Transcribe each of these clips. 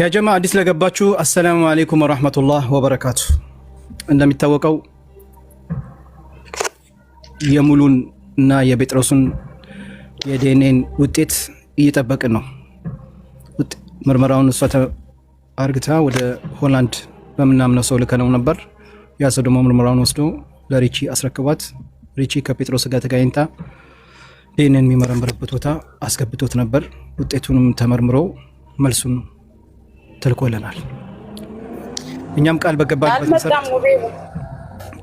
ያጀማ አዲስ ለገባችሁ አሰላሙ አሌይኩም ወረህመቱላህ ወበረካቱ። እንደሚታወቀው የሙሉን እና የጴጥሮስን የዴኔን ውጤት እየጠበቅን ነው። ምርመራውን እሷ አርግታ ወደ ሆላንድ በምናምነው ሰው ልከነው ነበር። ያ ሰው ደግሞ ምርመራውን ወስዶ ለሪቺ አስረክቧት፣ ሪቺ ከጴጥሮስ ጋር ተገናኝታ ዴኔን የሚመረምርበት ቦታ አስገብቶት ነበር። ውጤቱንም ተመርምሮ መልሱን ተልኮለናል። እኛም ቃል በገባንበት መሰረት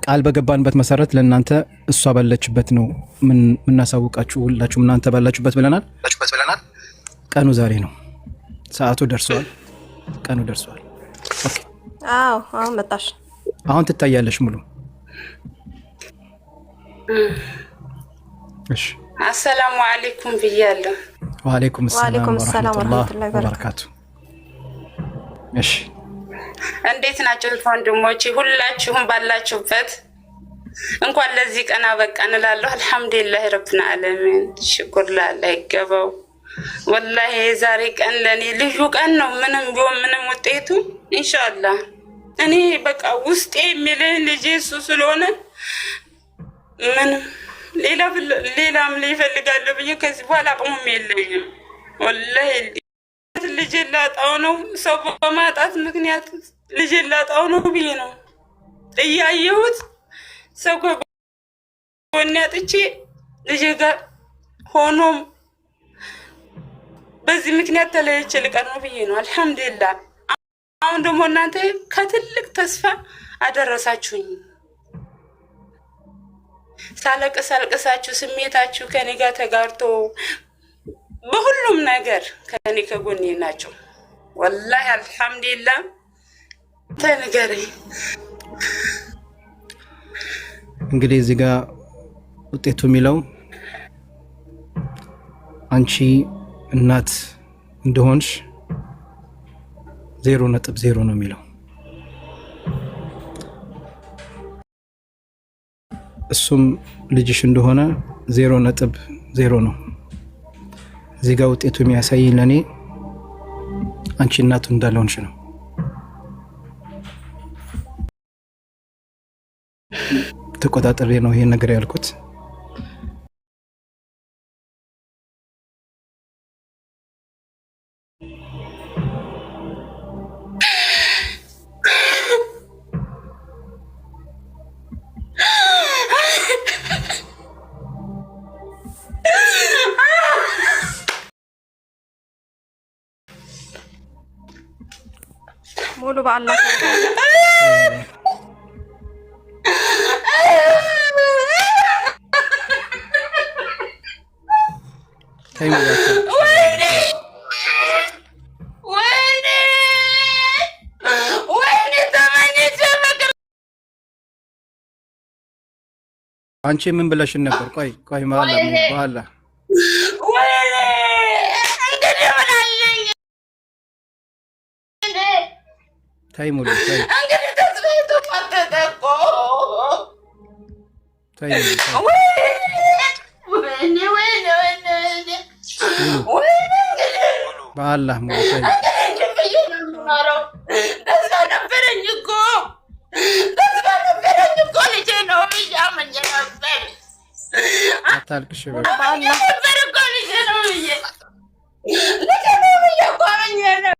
ቃል በገባንበት መሰረት ለእናንተ እሷ ባለችበት ነው የምናሳውቃችሁ። ሁላችሁም እናንተ ባላችሁበት ብለናል። ቀኑ ዛሬ ነው። ሰዓቱ ደርሰዋል። ቀኑ ደርሰዋል። አሁን መጣሽ። አሁን ትታያለሽ። ሙሉ አሰላሙ አሌይኩም ብያለሁ። ዋሌኩም ሰላም ወረህመቱላሂ ወበረካቱ እንዴት ናቸው ወንድሞች? ሁላችሁም ባላችሁበት እንኳን ለዚህ ቀን አበቃን እላለሁ። አልሐምዱሊላህ ረብና አለሚን ሽኩር ላለ ይገባው። ወላሂ የዛሬ ቀን ለእኔ ልዩ ቀን ነው። ምንም ቢሆን ምንም ውጤቱ እንሻላ እኔ በቃ ውስጤ የሚልህ ልጄ እሱ ስለሆነ ምንም ሌላም ሊፈልጋለሁ ብዬ ከዚህ በኋላ አቅሙም የለኝም ወላሂ ልጅ ላጣው ነው ሰው በማጣት ምክንያት ልጅ ላጣው ነው ብዬ ነው እያየሁት ሰው ከጎኔ አጥቼ ልጅ ጋር ሆኖም በዚህ ምክንያት ተለየች ልቀር ነው ብዬ ነው። አልሐምዱሊላ። አሁን ደግሞ እናንተ ከትልቅ ተስፋ አደረሳችሁኝ። ሳለቅስ አልቅሳችሁ ስሜታችሁ ከኔ ጋር ተጋርቶ በሁሉም ነገር ከእኔ ከጎኔ ናቸው። ወላሂ አልሐምዱሊላ ተነገር እንግዲህ እዚህ ጋር ውጤቱ የሚለው አንቺ እናት እንደሆንሽ ዜሮ ነጥብ ዜሮ ነው የሚለው። እሱም ልጅሽ እንደሆነ ዜሮ ነጥብ ዜሮ ነው። እዚህ ጋር ውጤቱ የሚያሳይ ለእኔ አንቺ እናቱ እንዳለሆንሽ ነው። ተቆጣጠሬ ነው ይሄን ነገር ያልኩት። በአላህ አንቺ ምን ብለሽን ነበር? ቆይ ቆይ፣ ማላ ማላ ታይ ሙሉ በአላህ ሙሉ ተስፋ ነበረኝ እኮ ተስፋ ነበረኝ እኮ ልጄ ነው ነበር። አታልቅሽ ነበር እኮ ልጄ ነው ብዬ ልጄ ነው ብዬ እኮ አመኝ ነበር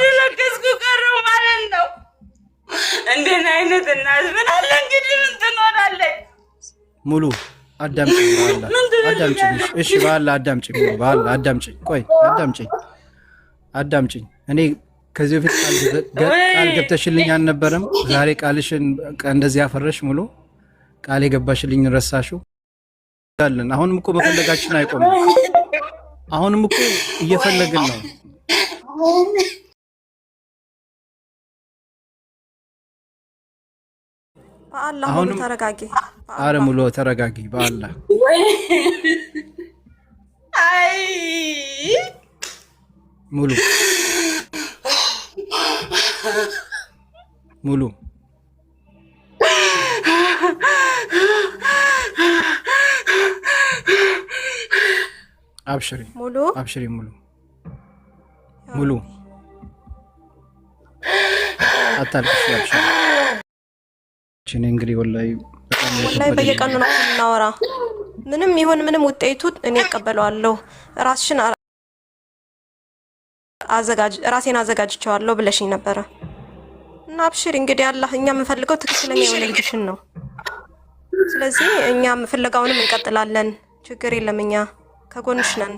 እንደለቀስኩ ቀረው ማለት ነው። እንደን አይነት እናት ምን አለ እንግዲህ ምን ትኖራለች? ሙሉ አዳምጪ፣ አዳምጪ፣ እሺ ባላ አዳምጪ፣ ባላ አዳምጪ፣ ቆይ አዳምጪኝ፣ አዳምጪኝ። እኔ ከዚህ በፊት ቃል ገብተሽልኝ አልነበረም? ዛሬ ቃልሽን እንደዚህ ያፈረሽ ሙሉ ቃል የገባሽልኝ ረሳሽው? አለን አሁንም እኮ መፈለጋችን አይቆምም። አሁንም እኮ እየፈለግን ነው። በአላህ ሙሉ ተረጋጊ። አረ ሙሉ ተረጋጊ። በአላ አይ ሙሉ ሙሉ አብሽሪ ሙሉ አብሽሪ ሙሉ ሙሉ አታልቅሽ አብሽሪ እኔ እንግዲህ ወላሂ ወላሂ በየቀኑ ነው የምናወራ። ምንም ይሁን ምንም ውጤቱ እኔ እቀበለዋለሁ። ራስሽን አዘጋጅ ራሴን አዘጋጅቸዋለሁ ብለሽኝ ነበረ እና አብሽር እንግዲህ አላህ እኛ የምንፈልገው ትክክለኛ የሆነ ልጅሽን ነው። ስለዚህ እኛ ፍለጋውንም እንቀጥላለን። ችግር የለም፣ እኛ ከጎንሽ ነን።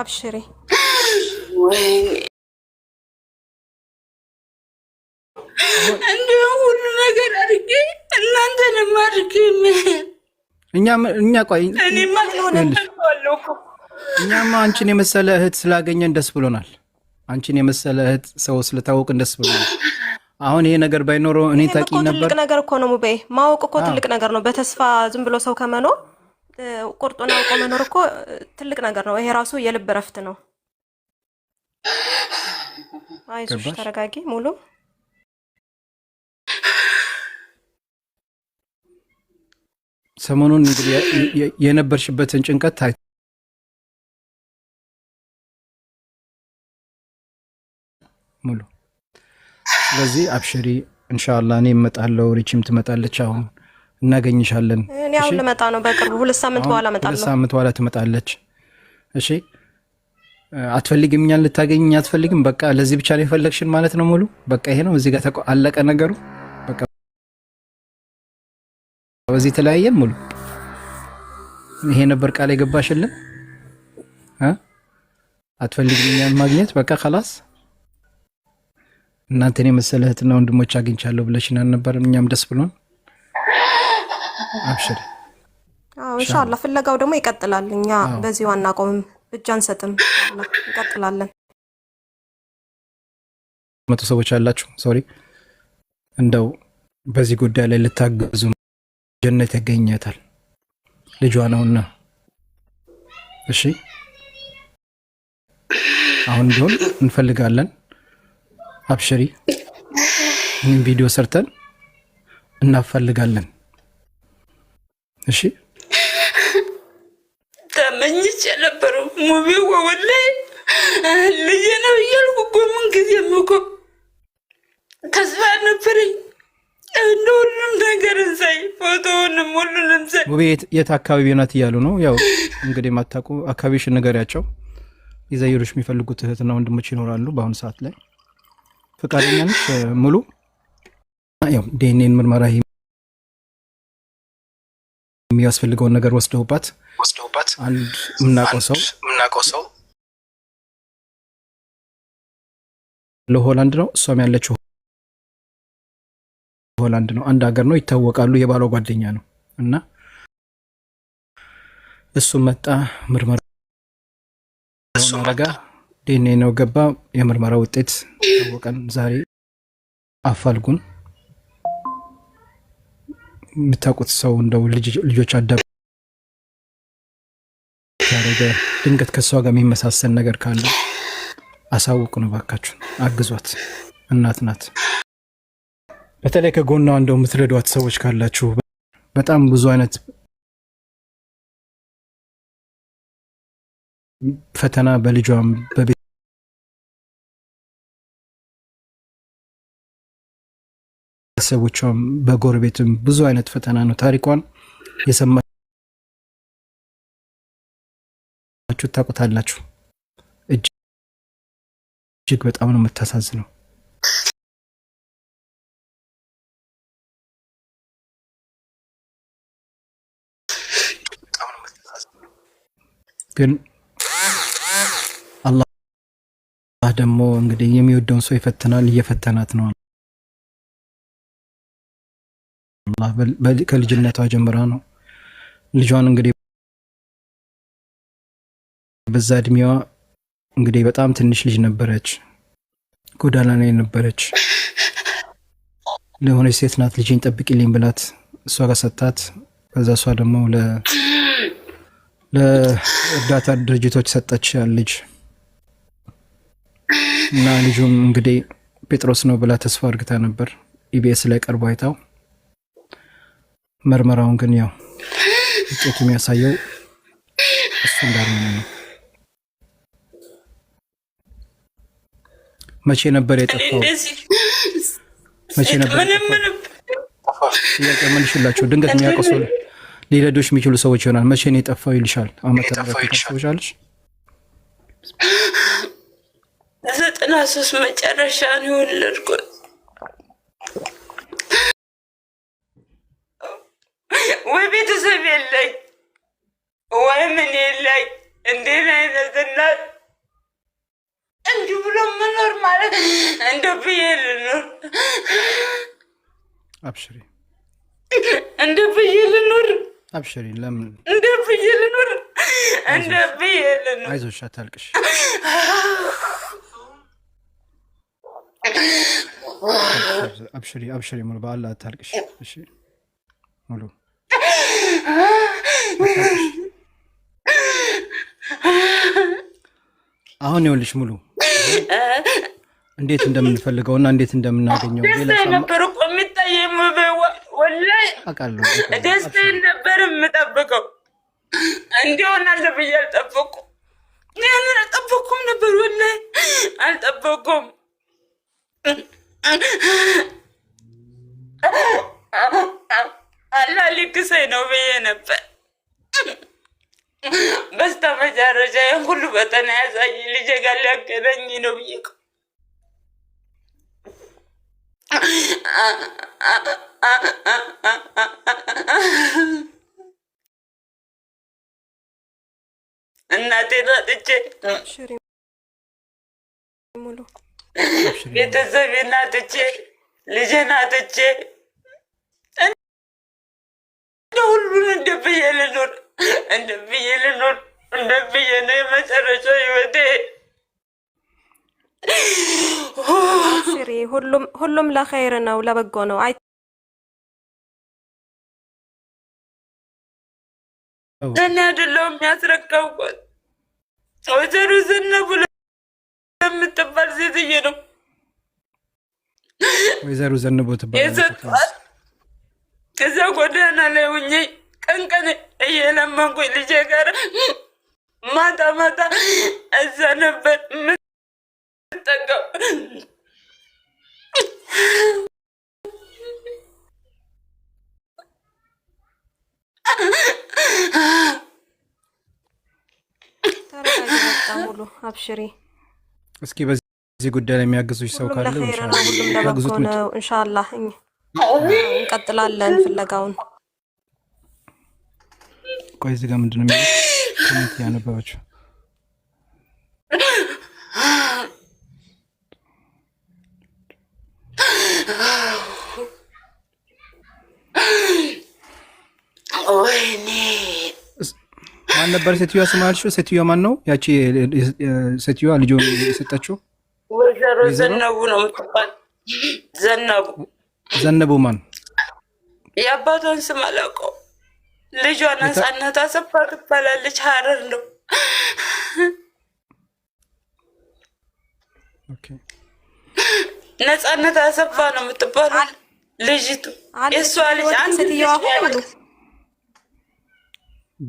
አብሽሬ እንዲሁም ሁሉ ነገር አድርጌ እናንተንም አድርጌ እኛ ቆይ እኛማ አንቺን የመሰለ እህት ስላገኘን ደስ ብሎናል። አንቺን የመሰለ እህት ሰው ስለታወቅን ደስ ብሎናል። አሁን ይሄ ነገር ባይኖረው እኔ ታቂ ነበር። ትልቅ ነገር እኮ ነው ሙቤ፣ ማወቅ እኮ ትልቅ ነገር ነው። በተስፋ ዝም ብሎ ሰው ከመኖር ቁርጡን አውቆ መኖር እኮ ትልቅ ነገር ነው። ይሄ ራሱ የልብ እረፍት ነው። አይዞሽ፣ ተረጋጊ ሙሉ ሰሞኑን እንግዲህ የነበርሽበትን ጭንቀት ታይ ሙሉ። ስለዚህ አብሽሪ፣ እንሻላ እኔ እመጣለሁ፣ ሪችም ትመጣለች አሁን እናገኝሻለን። እኔ አሁን ልመጣ ነው በቅርቡ፣ ሁለት ሳምንት በኋላ እመጣለሁ። ሁለት ሳምንት በኋላ ትመጣለች። እሺ አትፈልግም፣ እኛን ልታገኝ አትፈልግም። በቃ ለዚህ ብቻ ነው የፈለግሽን ማለት ነው። ሙሉ በቃ ይሄ ነው። እዚህ ጋር አለቀ ነገሩ። በቃ በዚህ ተለያየን። ሙሉ ይሄ ነበር ቃል የገባሽልን። አትፈልግም እኛን ማግኘት በቃ ከላስ እናንተን የመሰለ እህትና ወንድሞች አግኝቻለሁ ብለሽናል ነበር። እኛም ደስ ብሎን አብሽሪ። እንሻላ ፍለጋው ደግሞ ይቀጥላል። እኛ በዚህ ዋና ቆምም እጅ አንሰጥም፣ እንቀጥላለን። መቶ ሰዎች አላችሁ። ሶሪ እንደው በዚህ ጉዳይ ላይ ልታገዙ ጀነት ያገኘታል ልጇ ነውና፣ እሺ አሁን ቢሆን እንፈልጋለን። አብሽሪ፣ ይህን ቪዲዮ ሰርተን እናፈልጋለን። እሺ ተመኝቼ የነበረው ሙቢ ወወላይ ልጄ ነው እያልኩ ጎምን ምን ጊዜም እኮ ተስፋ ነበረኝ። እንደ ሁሉም ነገር እንሳይ ፎቶውንም ሁሉንም ሳይ ሙቢ የት አካባቢ ናት እያሉ ነው። ያው እንግዲህ የማታውቁ አካባቢሽን ንገሪያቸው። ሊዘይሩሽ የሚፈልጉት እህትና ወንድሞች ይኖራሉ። በአሁኑ ሰዓት ላይ ፈቃደኛ ነች ሙሉ ያው ዲኤንኤን ምርመራ የሚያስፈልገውን ነገር ወስደውባት ወስደውባት አንድ የምናውቀው ሰው የምናውቀው ሰው ለሆላንድ ነው፣ እሷም ያለችው ሆላንድ ነው። አንድ ሀገር ነው፣ ይታወቃሉ። የባሏ ጓደኛ ነው እና እሱም መጣ ምርመራ እሱም ረጋ ዴኔ ነው ገባ። የምርመራ ውጤት ታወቀን። ዛሬ አፋልጉን። የምታውቁት ሰው እንደው ልጆች አዳ ያደረገ ድንገት ከእሷ ጋር የሚመሳሰል ነገር ካለ አሳውቁ ነው ባካችሁ። አግዟት። እናት ናት። በተለይ ከጎኗ እንደው የምትረዷት ሰዎች ካላችሁ በጣም ብዙ አይነት ፈተና በልጇም በቤት በቤተሰቦቿም በጎረቤትም ብዙ አይነት ፈተና ነው። ታሪኳን የሰማችሁ ታውቁታላችሁ። እጅግ በጣም ነው የምታሳዝነው። ግን አላህ ደግሞ እንግዲህ የሚወደውን ሰው ይፈትናል። እየፈተናት ነው። ከልጅነቷ ጀምራ ነው ልጇን እንግዲህ በዛ እድሜዋ እንግዲህ በጣም ትንሽ ልጅ ነበረች፣ ጎዳና ላይ ነበረች። ለሆነች ሴት ናት ልጅን ጠብቂልኝ ብላት እሷ ጋር ሰጣት። ከዛ እሷ ደግሞ ለእርዳታ ድርጅቶች ሰጠች ልጅ እና ልጁም እንግዲህ ጴጥሮስ ነው ብላ ተስፋ አድርግታ ነበር ኢቢኤስ ላይ ቀርቦ አይታው ምርመራውን ግን ያው ውጤቱ የሚያሳየው እሱ እንዳልሆነ ነው። መቼ ነበር የጠፋው? መቼ ነበር ጥያቄ መልሽላቸው። ድንገት የሚያውቀው ሰው ሊረዶች የሚችሉ ሰዎች ይሆናል። መቼ ነው የጠፋው ይልሻል። ዓመተ ምሕረት ዘጠና ሶስት መጨረሻ ነው የወለድኩት ወይ ቤተሰብ የለኝ ወይ ምን የለኝ። እንዴት አይነት እናት እንዲህ ብሎ መኖር ማለት እንደ ብዬ ልኖር አብሽሪ፣ እንደ ብዬ ልኖር አብሽሪ፣ ለምን እንደ ብዬ ልኖር እንደ ብዬ ልኖር። አይዞሽ፣ አታልቅሽ። አብሽሪ፣ አብሽሪ፣ ሙሉ በአላህ አታልቅሽ። እሺ ሙሉ አሁን ይኸውልሽ ሙሉ እንዴት እንደምንፈልገው እና እንዴት እንደምናገኘው ነበር እኮ የሚታየኝ። ወላሂ ደስታዬን ነበር የምጠብቀው። እንዲሆን አለ ብዬ አልጠበኩም። ያንን አልጠበኩም ነበር ወላሂ አልጠበኩም። ላልክሰኝ ነው ብዬ ነበር። በስተ መጨረሻ ይህን ሁሉ በጠና ያሳይ ልጄ ጋር ሊያገናኝ ነው ብዬ እናቴን አጥቼ ቤተሰቤን አጥቼ ልጄን አጥቼ ሁሉን እንደ እንደብዬ ልኑር እንደብዬ ልኑር ብዬ ነው የመጨረሻ ህይወቴ። ስሪ ሁሉም ሁሉም ለኸይር ነው፣ ለበጎ ነው። እኔ አይደለሁም ያስረከብኳት ወይዘሮ ዘነቡ የምትባል ሴትዬ ነው። ወይዘሮ ዘነቡ ትባል ከዛ ጎዳና ላይ ሁኜ ቀን ቀን እየለመንኩኝ ልጄ ጋር ማታ ማታ እዛ ነበር የምጠቀው። አብሽሪ እስኪ በዚህ ጉዳይ ላይ የሚያግዙች ሰው ካለ ሁሉም እንቀጥላለን ፍለጋውን። ቆይ እዚህ ጋ ምንድን ነው ኮሜንት ያነበባችሁ? ማን ነበር ሴትዮዋ? ስም አልሽው? ሴትዮዋ ማን ነው ያቺ? ሴትዮዋ ልጆ የሰጠችው ወይዘሮ ዘነቡ ነው የምትባል ዘነቡ ዘነቡ ማን የአባቷን ስም አላውቀው ልጇን ነፃነት አሰፋ ትባላለች። ሀረር ነው። ነጻነት አሰፋ ነው የምትባለው ልጅቱ። የእሷ ልጅ አንድ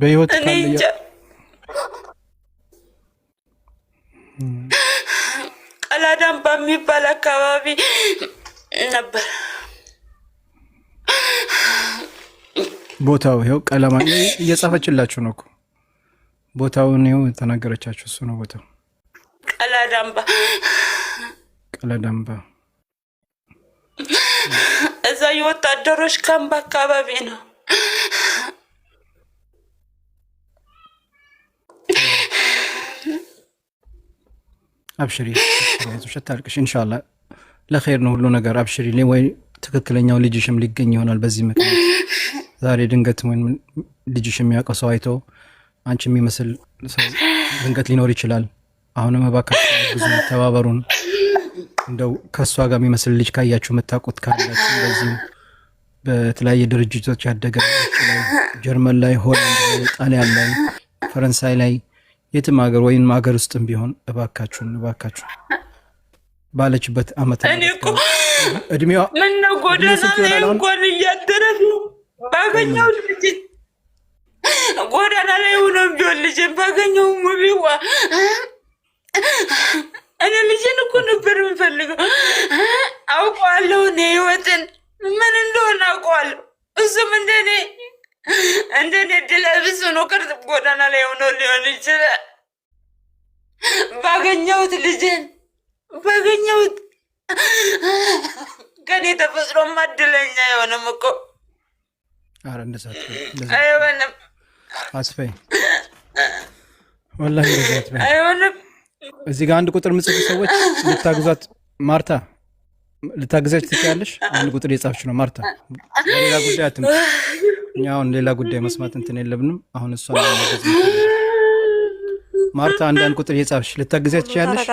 በህይወት ቀላዳም በሚባል አካባቢ ነበር። ቦታው ይኸው ቀለማ እየጻፈችላችሁ ነው እኮ ቦታውን ይኸው የተናገረቻችሁ እሱ ነው ቦታው። ቀላዳምባ ቀላዳምባ እዛ የወታደሮች ካምፕ አካባቢ ነው። አብሽሪ አይዞሽ፣ አታልቅሽ። ኢንሻላህ ለኸይር ነው ሁሉ ነገር። አብሽሪ ወይ ትክክለኛው ልጅሽም ሊገኝ ይሆናል በዚህ ምክንያት ዛሬ ድንገት ወይም ልጅሽ የሚያውቀው ሰው አይቶ አንቺ የሚመስል ሰው ድንገት ሊኖር ይችላል። አሁንም እባካችሁ ብዙ ተባበሩን። እንደው ከእሷ ጋር የሚመስል ልጅ ካያችሁ የምታውቁት ካላችሁ እንደዚህም በተለያየ ድርጅቶች ያደገ ጀርመን ላይ፣ ሆላንድ ላይ፣ ጣሊያን ላይ፣ ፈረንሳይ ላይ የትም ሀገር ወይም ሀገር ውስጥም ቢሆን እባካችሁን እባካችሁ ባለችበት አመት እድሜዋ ምነው ጎዳና ላይ እንኳን እያደረት ነው ባገኘው ልጅ ጎዳና ላይ ሆኖ ቢሆን ልጅን ባገኘው ሙቢዋ እኔ ልጅን እኮ ነበር የምፈልገው። አውቀዋለሁ፣ እኔ ህይወትን ምን እንደሆነ አውቀዋለሁ። እሱም እንደኔ እንደኔ ድለ ብስ ሆኖ ቅርጽ ጎዳና ላይ ሆኖ ሊሆን ይችላል። ባገኘሁት ልጅን ባገኘሁት ከኔ ተፈጥሮ እድለኛ የሆነም እኮ እዚህ ጋር አንድ ቁጥር ምጽፍ ሰዎች ልታግዟት ማርታ ልታግዛች ትችላለሽ። አንድ ቁጥር የጻፍች ነው ማርታ። ሌላ ጉዳይ አትም እኛ አሁን ሌላ ጉዳይ መስማት እንትን የለብንም። አሁን እሷ ማርታ አንዳንድ ቁጥር የጻፍች ልታግዛች ትችላለሽ።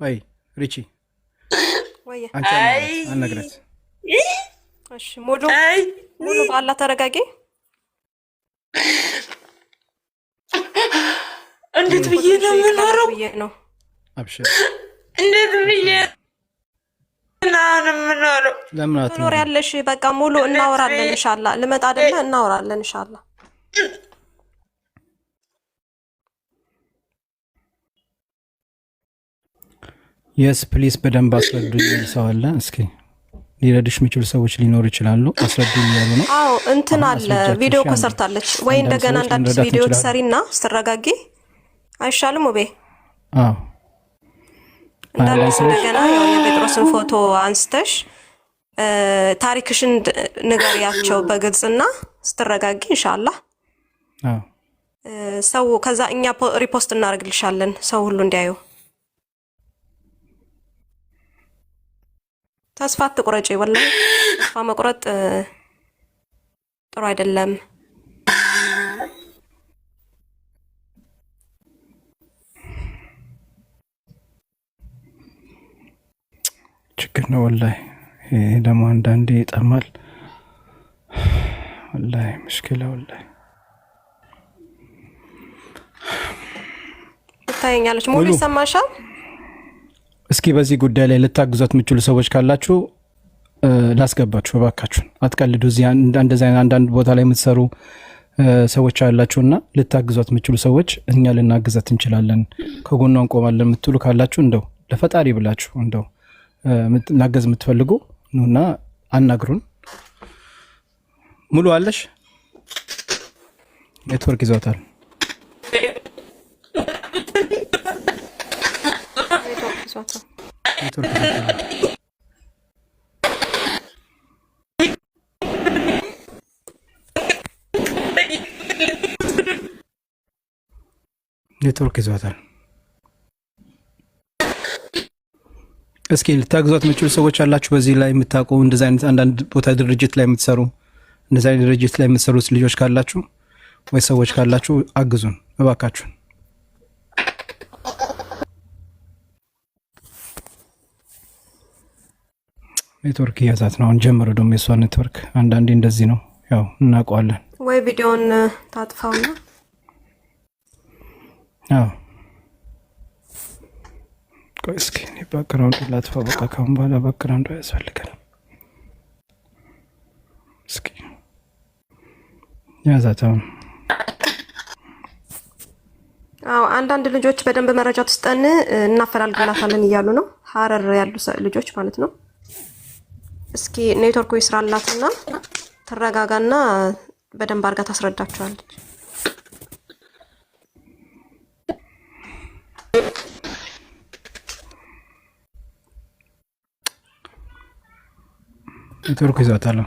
ቆይ ሪቺ አንቺ አናግራት እሺ ሙሉ ሙሉ ባላ ተረጋጊ። እንዴት ብዬ ነው የምኖረው? ነው እንዴት ብዬ ምኖር ያለሽ? በቃ ሙሉ እናወራለን እንሻላ። ልመጣ አይደለ? እናወራለን እንሻላ። የስ ፕሊስ በደንብ አስረዱኝ። ሰው አለ እስኪ ሊረድሽ የሚችሉ ሰዎች ሊኖሩ ይችላሉ። አስረዱ እያሉ ነው። አዎ እንትን አለ ቪዲዮ እኮ ሰርታለች ወይ እንደገና አንድ አዲስ ቪዲዮ ትሰሪ ትሰሪና ስትረጋጊ አይሻልም? ውቤ እንደገና የጴጥሮስን ፎቶ አንስተሽ ታሪክሽን ንገሪያቸው በግልጽና ስትረጋጊ እንሻላ ሰው ከዛ እኛ ሪፖስት እናደርግልሻለን ሰው ሁሉ እንዲያየው ተስፋ አትቁረጪ። ወላሂ ተስፋ መቁረጥ ጥሩ አይደለም። ችግር ነው ወላሂ። ይህ ደግሞ አንዳንዴ ይጠማል ወላሂ፣ ምሽክላ ወላሂ። ይታየኛለች ሙሉ ይሰማሻል እስኪ በዚህ ጉዳይ ላይ ልታግዟት የምችሉ ሰዎች ካላችሁ ላስገባችሁ እባካችሁን፣ አትቀልዱ። እዚህ እንደዚህ አንዳንድ ቦታ ላይ የምትሰሩ ሰዎች እና ልታግዟት የምችሉ ሰዎች እኛ ልናግዛት እንችላለን፣ ከጎኗ እንቆማለን የምትሉ ካላችሁ እንደው ለፈጣሪ ብላችሁ እንደው ላገዝ የምትፈልጉ ኑና አናግሩን። ሙሉ አለሽ ኔትወርክ ይዘታል። አትንኳቸው። ኔትወርክ ይዟታል። እስኪ ልታግዟት የምችሉ ሰዎች አላችሁ? በዚህ ላይ የምታውቁ እንደዚ አይነት አንዳንድ ቦታ ድርጅት ላይ የምትሰሩ እንደዚ አይነት ድርጅት ላይ የምትሰሩት ልጆች ካላችሁ ወይ ሰዎች ካላችሁ አግዙን እባካችሁን። ኔትወርክ እያዛት ነው። አሁን ጀምሮ ደሞ የሷ ኔትወርክ። አንዳንዴ እንደዚህ ነው ያው እናውቀዋለን። ወይ ቪዲዮን ታጥፋውና አዎ ቆይ እስኪ ባክግራውንድ ላጥፋ። በቃ ካሁን በኋላ ባክግራውንድ ያስፈልጋል። እስኪ ያዛት አሁን አዎ አንዳንድ ልጆች በደንብ መረጃ ትስጠን እናፈላልግላታለን እያሉ ነው፣ ሀረር ያሉ ልጆች ማለት ነው። እስኪ ኔትወርኩ ይስራላትና ትረጋጋና በደንብ አድርጋ ታስረዳችኋለች። ኔትወርኩ ይዛታለ።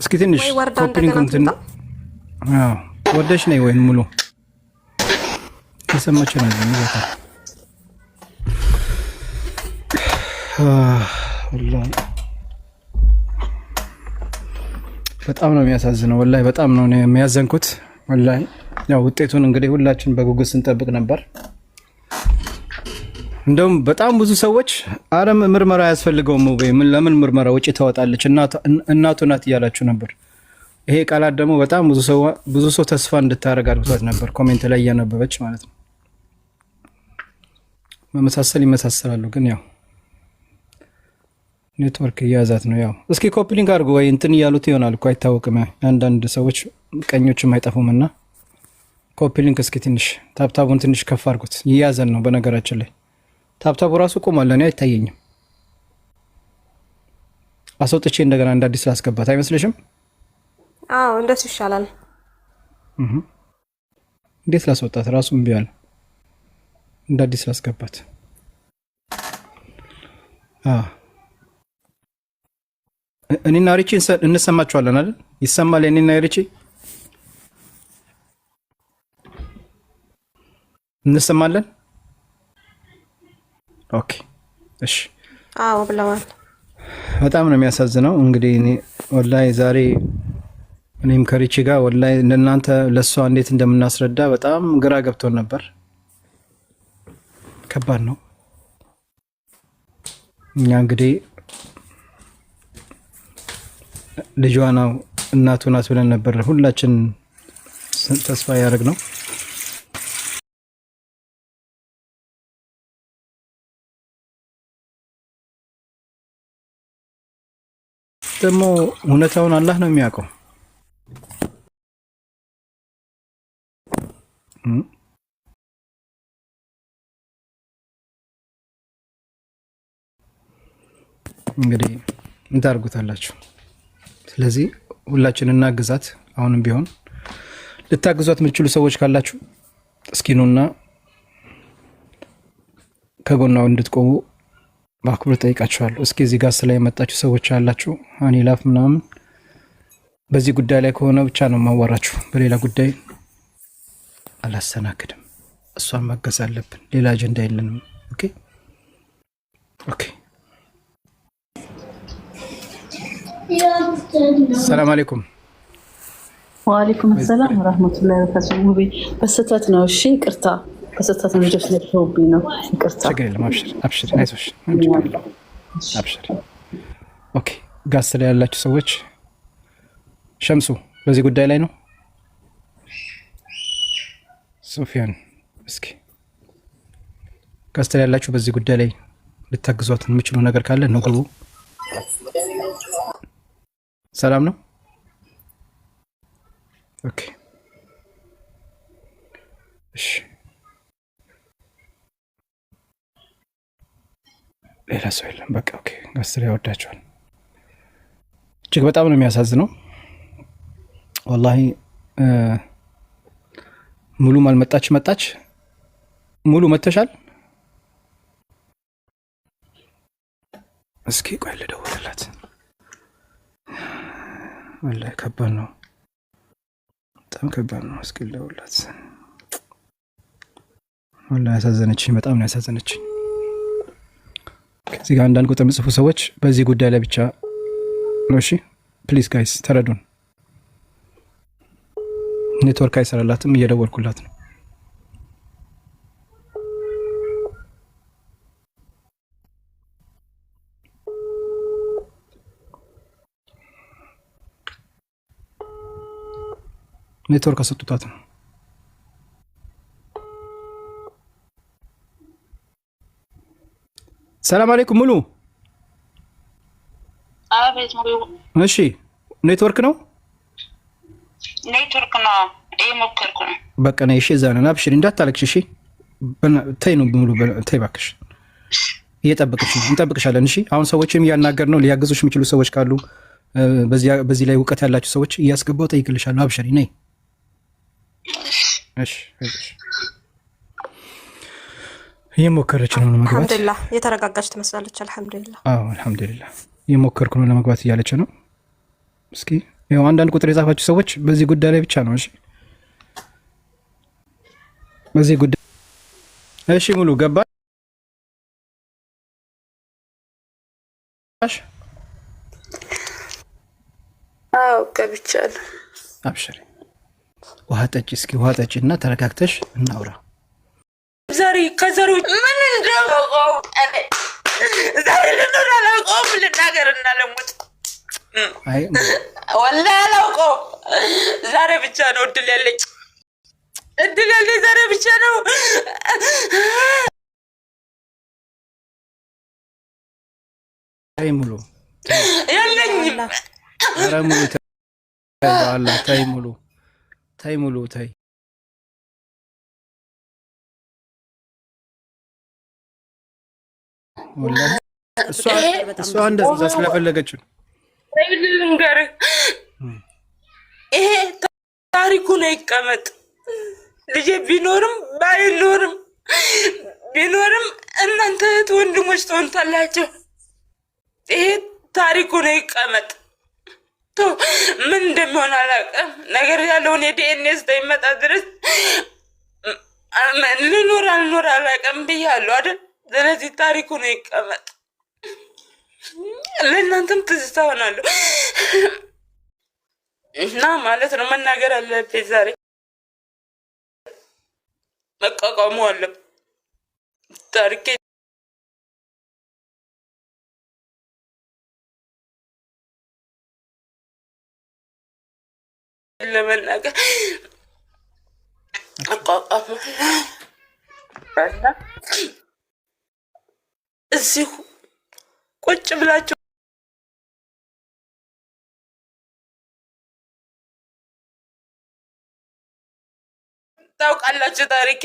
እስኪ ትንሽ ኮፒሪንግ ወደሽ ነይ ወይም ሙሉ የሰማችሁ ነው ይዛታል በጣም ነው የሚያሳዝነው። ወላሂ በጣም ነው የሚያዘንኩት። ወላሂ ያው ውጤቱን እንግዲህ ሁላችን በጉጉት ስንጠብቅ ነበር። እንደውም በጣም ብዙ ሰዎች አረም ምርመራ አያስፈልገውም ወይ ለምን ምርመራ ውጪ ታወጣለች እናቱ ናት እያላችሁ ነበር። ይሄ ቃላት ደግሞ በጣም ብዙ ሰው ተስፋ እንድታደርግ አድርጓት ነበር፣ ኮሜንት ላይ እያነበበች ማለት ነው። መመሳሰል ይመሳሰላሉ ግን ያው ኔትወርክ እያያዛት ነው። ያው እስኪ ኮፕሊንግ አድርጎ ወይ እንትን እያሉት ይሆናል እኮ አይታወቅም። አንዳንድ ሰዎች ቀኞችም አይጠፉም እና ኮፕሊንግ እስኪ ትንሽ ታብታቡን ትንሽ ከፍ አድርጉት። እያያዘን ነው። በነገራችን ላይ ታብታቡ ራሱ ቆሟል። እኔ አይታየኝም። አስወጥቼ እንደገና እንደ አዲስ ላስገባት አይመስልሽም? አዎ እንደሱ ይሻላል። እንዴት ላስወጣት? ራሱ እምቢ አለ። እንደ አዲስ ላስገባት እኔና ሪቺ እንሰማችኋለን አይደል? ይሰማል። እኔና ሪቺ እንሰማለን። ኦኬ፣ እሺ። አዎ ብለዋል። በጣም ነው የሚያሳዝነው። እንግዲህ እኔ ወላሂ ዛሬ እኔም ከሪቺ ጋር ወላሂ ለእናንተ ለእሷ እንዴት እንደምናስረዳ በጣም ግራ ገብቶን ነበር። ከባድ ነው። እኛ እንግዲህ ልጇ ነው እናቱ ናት ብለን ነበር ሁላችን ተስፋ ያደርግ ነው። ደግሞ እውነታውን አላህ ነው የሚያውቀው። እንግዲህ እንታርጉታላችሁ። ስለዚህ ሁላችን እናግዛት። አሁንም ቢሆን ልታግዟት የምትችሉ ሰዎች ካላችሁ እስኪኑና ከጎናው እንድትቆሙ በአክብር ጠይቃችኋለሁ። እስኪ እዚህ ጋር ስላ የመጣችሁ ሰዎች ያላችሁ አኒላፍ ምናምን በዚህ ጉዳይ ላይ ከሆነ ብቻ ነው ማወራችሁ በሌላ ጉዳይ አላስተናግድም። እሷን ማገዝ አለብን። ሌላ አጀንዳ የለንም። ኦኬ ኦኬ። ሰላም አለይኩም። ወአለይኩም ሰላም ወራህመቱላሂ ወበረካቱሁ። በስተት ነው። እሺ ይቅርታ፣ በስተት ነው። ልጆች ስለተውብኝ ነው። ይቅርታ። ችግር የለም። አብሽር፣ አብሽር፣ አይዞሽ፣ አብሽር። ኦኬ። ጋስ ላይ ያላችሁ ሰዎች ሸምሱ በዚህ ጉዳይ ላይ ነው። ሶፊያን እስኪ ጋስ ላይ ያላችሁ በዚህ ጉዳይ ላይ ልታግዟት የምችሉ ነገር ካለ ነው ግቡ ሰላም ነው። ኦኬ እሺ። ሌላ ሰው የለም። በቃ ኦኬ። አስር ያወዳቸዋል። እጅግ በጣም ነው የሚያሳዝነው። ወላሂ ሙሉም አልመጣች መጣች። ሙሉ መተሻል። እስኪ ቆይ ልደውልላት። ወላሂ ከባድ ነው፣ በጣም ከባድ ነው። እስኪ ልደውልላት። ወላሂ ያሳዘነችኝ፣ በጣም ነው ያሳዘነችኝ። ከዚህ ጋር አንዳንድ ቁጥር ምጽፉ ሰዎች በዚህ ጉዳይ ላይ ብቻ ነው። እሺ ፕሊዝ ጋይስ ተረዱን። ኔትወርክ አይሰራላትም፣ እየደወልኩላት ነው። ኔትወርክ አሰጡታት ነው። ሰላም አለይኩም ሙሉ። እሺ ኔትወርክ ነው ኔትወርክ ነው የሞከርኩ ነው። በቃ ነው። እሺ እዛ ነን። አብሽሪ እንዳታለቅሽ። እሺ ተይ ነው ሙሉ ተይ እባክሽ። እየጠበቅሽ እንጠብቅሻለን። እሺ አሁን ሰዎችም እያናገር ነው። ሊያግዙሽ የሚችሉ ሰዎች ካሉ በዚህ ላይ እውቀት ያላችሁ ሰዎች እያስገባው ጠይቅልሻለሁ። አብሽሪ ነይ እሺ እየሞከረች ነው ለመግባት። አልሐምዱሊላህ የተረጋጋች ትመስላለች። አልሐምዱሊላህ አዎ፣ አልሐምዱሊላህ እየሞከርኩ ነው ለመግባት እያለች ነው። እስኪ ያው አንዳንድ ቁጥር የጻፋችሁ ሰዎች በዚህ ጉዳይ ላይ ብቻ ነው። እሺ በዚህ ጉዳይ እሺ፣ ሙሉ ገባሽ? አዎ ገብቻለሁ። አብሽሪ ውሃ ጠጭ፣ እስኪ ውሃ ጠጭ እና ተረጋግተሽ እናውራ። ዛሬ ከዘሮች ምን እንደበቀው ዛሬ ልኖር አላውቀውም። ልናገር እናለሙት ልሙት ወላሂ አላውቀውም። ዛሬ ብቻ ነው እድል ያለች እድል ያለ ዛሬ ብቻ ነው። ታይ ሙሉ የለኝም። ኧረ ሙሉ ታይ ሙሉ ተይ ሙሉ ተይ እሷ እንደዛ ስለፈለገችው ልንገርህ፣ ይሄ ታሪኩ ነው ይቀመጥ። ልጄ ቢኖርም ባይኖርም ቢኖርም እናንተ እህት ወንድሞች ትሆንታላቸው። ይሄ ታሪኩ ነው ይቀመጥ። ምን እንደሚሆን አላውቅም። ነገር ያለውን የዲኤንኤ እስከሚመጣ ድረስ ልኖር አልኖር አላውቅም ብያለሁ አይደል? ስለዚህ ታሪኩ ነው ይቀመጥ፣ ለእናንተም ትዝታ ሆናለሁ እና ማለት ነው መናገር አለብኝ ዛሬ መቋቋሙ አለ ታሪኬ ለመናገር አቋቋመ እና እዚሁ ቁጭ ብላችሁ ታውቃላችሁ። ታሪኬ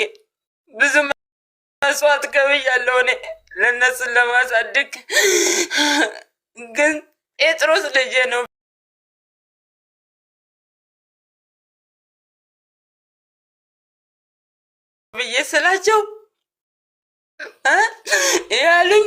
ብዙ መስዋዕት ከብያለሁ እኔ ለእነሱን ለማሳደግ ግን ጴጥሮስ ልጄ ነው። ብዬ ስላቸው ያሉኝ